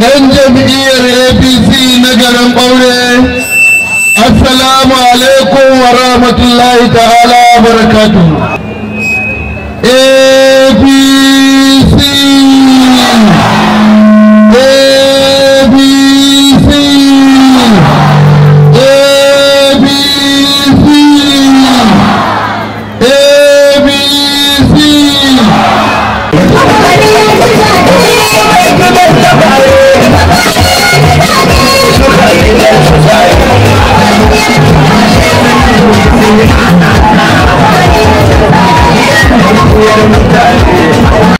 ɗan jam'iyyar apc na garin ɓaure assalamu alaikum wa rahmatullahi ta'ala barakatu eh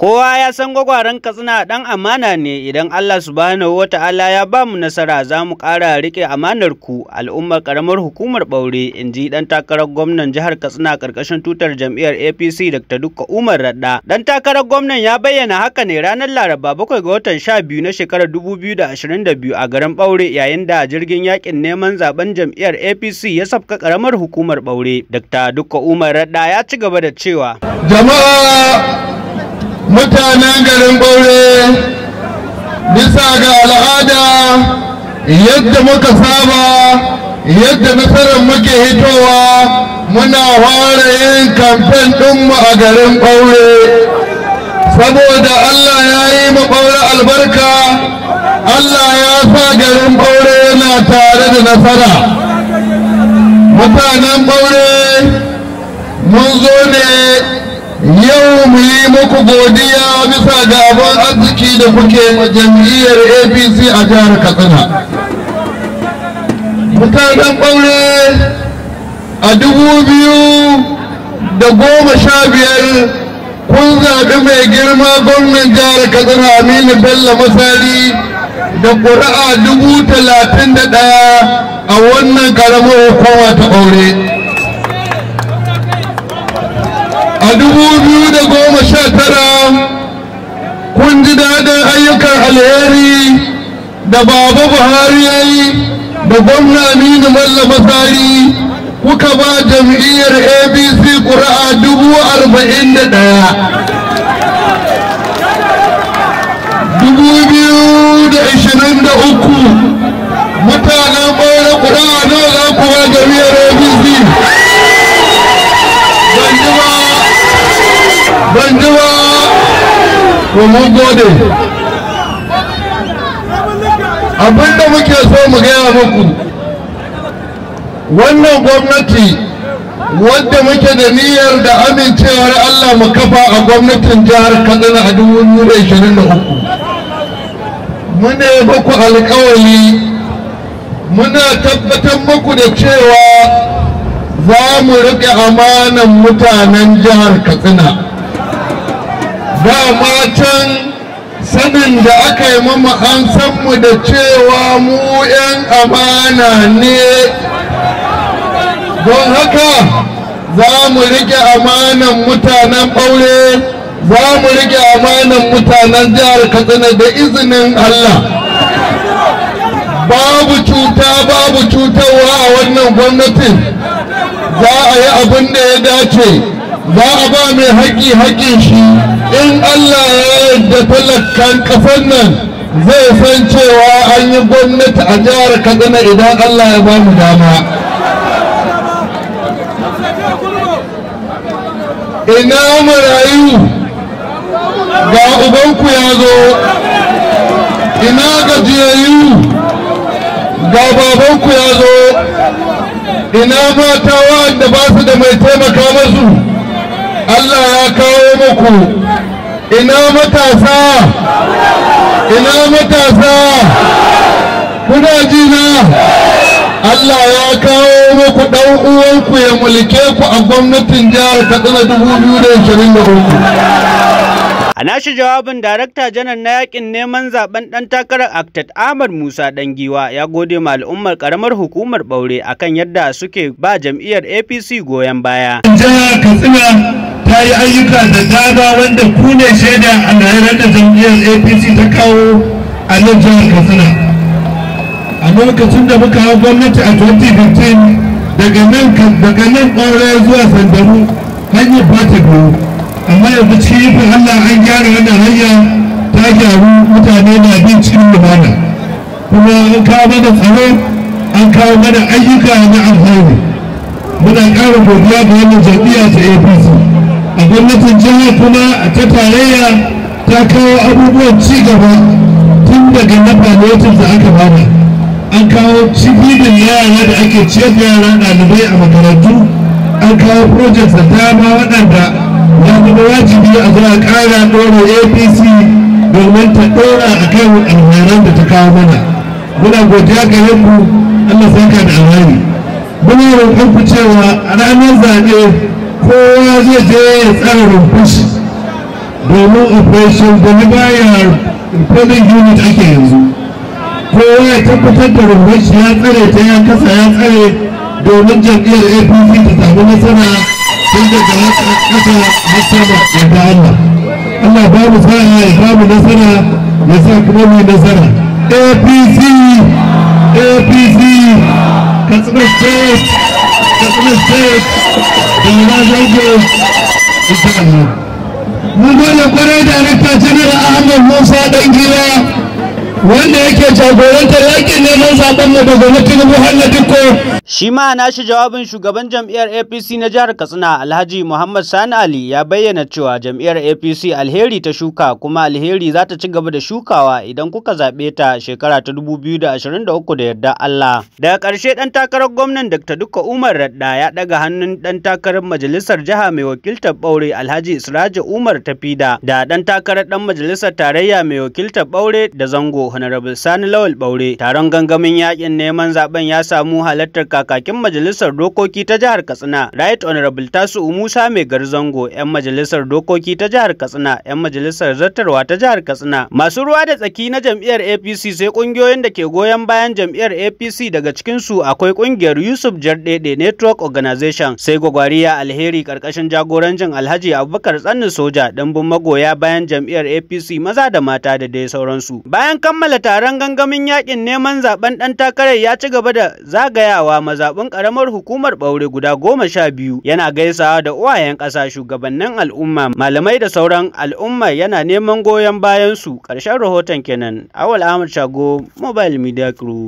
Oi! ya san gwagwaran katsina dan amana ne idan Allah subhanahu ta'ala ya ba mu nasara za mu ƙara riƙe amanar ku al'ummar ƙaramar hukumar ɓaure inji ji dan takarar gwamnan jihar katsina ƙarƙashin tutar jam'iyyar apc dr dukka umar radda dan takarar gwamnan ya bayyana haka ne ranar laraba bakwai ga watan sha biyu na shekarar dubu biyu da ashirin da biyu a garin ɓaure yayin da jirgin yakin neman zaben jam'iyyar apc ya safka ƙaramar hukumar ɓaure dr dukka umar radda ya ci gaba da cewa jama'a mutanen garin ɓaure bisa ga al'ada yadda muka saba yadda nasarar muke hitowa muna fara yin kamfen ɗinmu a garin ɓaure saboda allah ya yi ɓaure albarka allah ya sa garin ɓaure yana tare da nasara mutanen ɓaure muku godiya bisa ga abin arziki da kuke ma jam'iyyar apc a jihar katsina mutanen ɓaure a dubu biyu da goma sha biyar kun zaɓi mai girma gwamnan jihar katsina aminu bello masari da ƙuri'a dubu talatin da ɗaya a wannan ƙaramar hukuma ta ɓaure da baba buhari ya yi da gwamna aminu mallamasari kuka ba jam'iyyar abc ƙura'a dubu arba'in da ɗaya dubu biyu da ishirin da uku mutanen ɓaura ƙura'a nawa za ku ba jam'iyyar abc ban ji ban ji ba mun gode abinda muke so mu gaya muku wannan gwamnati wadda muke da niyyar da amincewar Allah mu kafa a gwamnatin jihar kaduna a 2023 muna yi muku alkawari muna tabbatar muku da cewa za mu riƙe amanan mutanen jihar Katsina dama can sanin da aka yi mamu an mu da cewa mu 'yan amana ne don haka za mu rike amanan mutanen ɓaure za mu rike amanan mutanen jihar katsina da izinin allah babu cuta babu cutarwa a wannan gwamnatin za a yi abin da ya dace za a ba mai haƙƙi haƙƙin shi in Allah ya yarda talakan ƙasar nan zai san cewa an yi gwamnati a jihar Kaduna idan Allah ya ba mu dama ina marayu ga ubanku ya zo ina gajiyayyu ga babanku ya zo ina mata da ba su da mai taimaka masu Allah ya kawo muku ina matasa ina matasa kuna jina Allah ya kawo muku ɗan uwanku ya mulke ku a gwamnatin jihar Katsina hudu. A nashi jawabin darakta janar na yakin neman zaben ɗan takarar Aktat Ahmad Musa Dangiwa ya gode ma al'ummar karamar hukumar Baure akan yadda suke ba jam'iyyar APC goyon baya. ta yi ayyuka da dama wanda ku ne shaida a nahirar da jam'iyyar apc ta kawo a nan jihar katsina a lokacin da muka hau gwamnati a 2015 daga nan daga nan ɓaure zuwa sandaru hanyar ba ta biyu amma yanzu cikin allah an gyara wannan hanya ta gyaru mutane na bin cikin lumana kuma an kawo mana tsaro an kawo mana ayyuka na alheri muna ƙara godiya ga wannan jam'iyya ta apc a gwamnatin jiha kuma ta tarayya ta kawo abubuwan ci gaba tun daga na falotin da aka bada an kawo cibidin yara da ake ciyar da yara ɗalibai a makarantu an kawo project da dama waɗanda ya zama wajibi a zuwa ƙara ɗora apc domin ta ɗora a kan alheran da ta kawo mana muna godiya ga yanku allah saka da alhari muna roƙon ku cewa ranar zaɓe kowa zai je ya tsara rumfushi domin operation delivery recording unit ake yanzu kowa ya tabbatar da rumfushi ya tsare ta ya kasa ya tsare domin jam'iyyar apc ta samu nasara tun daga kasa har sama da allah allah ba mu sa'a ya ba mu nasara ya sa kuma mu nasara apc apc katsina state katsina state da mun gode kwarai da Rekta Janar Ahmad Musa Dangiwa wanda yake jagorantar yakin neman zaben mu daga mutum Buhari ko Shi ma nashi jawabin shugaban jam'iyyar APC na jihar Katsina Alhaji Muhammad Sani Ali ya bayyana cewa jam'iyyar APC alheri ta shuka kuma alheri za ta ci gaba da shukawa idan kuka zaɓe ta shekara ta 2023 da yarda Allah. Daga ƙarshe ɗan takarar gwamnan Dr. Dukka Umar Radda ya ɗaga hannun ɗan takarar majalisar jiha mai wakiltar baure Alhaji Siraje Umar Tafida da dan takarar ɗan majalisar tarayya mai wakiltar baure da zango Honorable Sani Lawal Baure taron gangamin yakin neman zaben ya samu halartar kakakin majalisar dokoki ta jihar Katsina Right Honorable Tasu Musa Mai Garzango yan majalisar dokoki ta jihar Katsina yan majalisar zartarwa ta jihar Katsina masu ruwa da tsaki na jam'iyyar APC sai kungiyoyin da ke goyon bayan jam'iyyar APC daga cikin su akwai kungiyar Yusuf Jardede Network Organization sai gwagwariya alheri karkashin jagorancin Alhaji Abubakar Tsanni Soja dambun magoya bayan jam'iyyar APC maza da mata da dai sauransu bayan kama kammala taron gangamin yakin neman zaben ɗan takarar ya ci gaba da zagayawa mazaɓin ƙaramar hukumar ɓaure guda goma sha biyu yana gaisawa da uwayen ƙasa shugabannin al'umma malamai da sauran al'umma yana neman goyon bayan su ƙarshen rahoton kenan awal ahmad shago mobile media crew